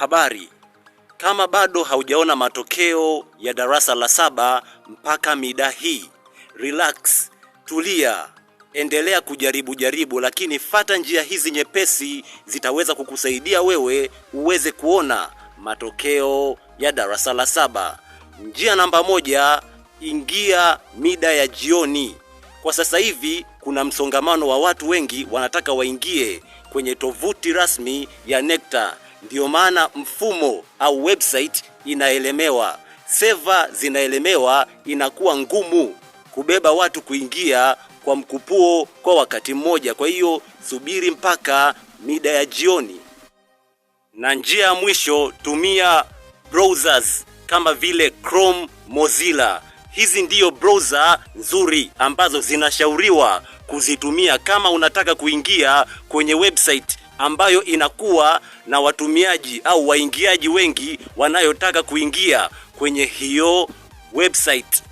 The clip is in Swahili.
habari. Kama bado haujaona matokeo ya darasa la saba mpaka mida hii, relax, tulia, endelea kujaribu jaribu, lakini fata njia hizi nyepesi, zitaweza kukusaidia wewe uweze kuona matokeo ya darasa la saba. Njia namba moja, ingia mida ya jioni. Kwa sasa hivi kuna msongamano wa watu wengi wanataka waingie kwenye tovuti rasmi ya NECTA. Ndiyo maana mfumo au website inaelemewa, seva zinaelemewa, inakuwa ngumu kubeba watu kuingia kwa mkupuo kwa wakati mmoja. Kwa hiyo subiri mpaka mida ya jioni. Na njia ya mwisho, tumia browsers kama vile Chrome, Mozilla. Hizi ndiyo browser nzuri ambazo zinashauriwa kuzitumia kama unataka kuingia kwenye website ambayo inakuwa na watumiaji au waingiaji wengi wanayotaka kuingia kwenye hiyo website.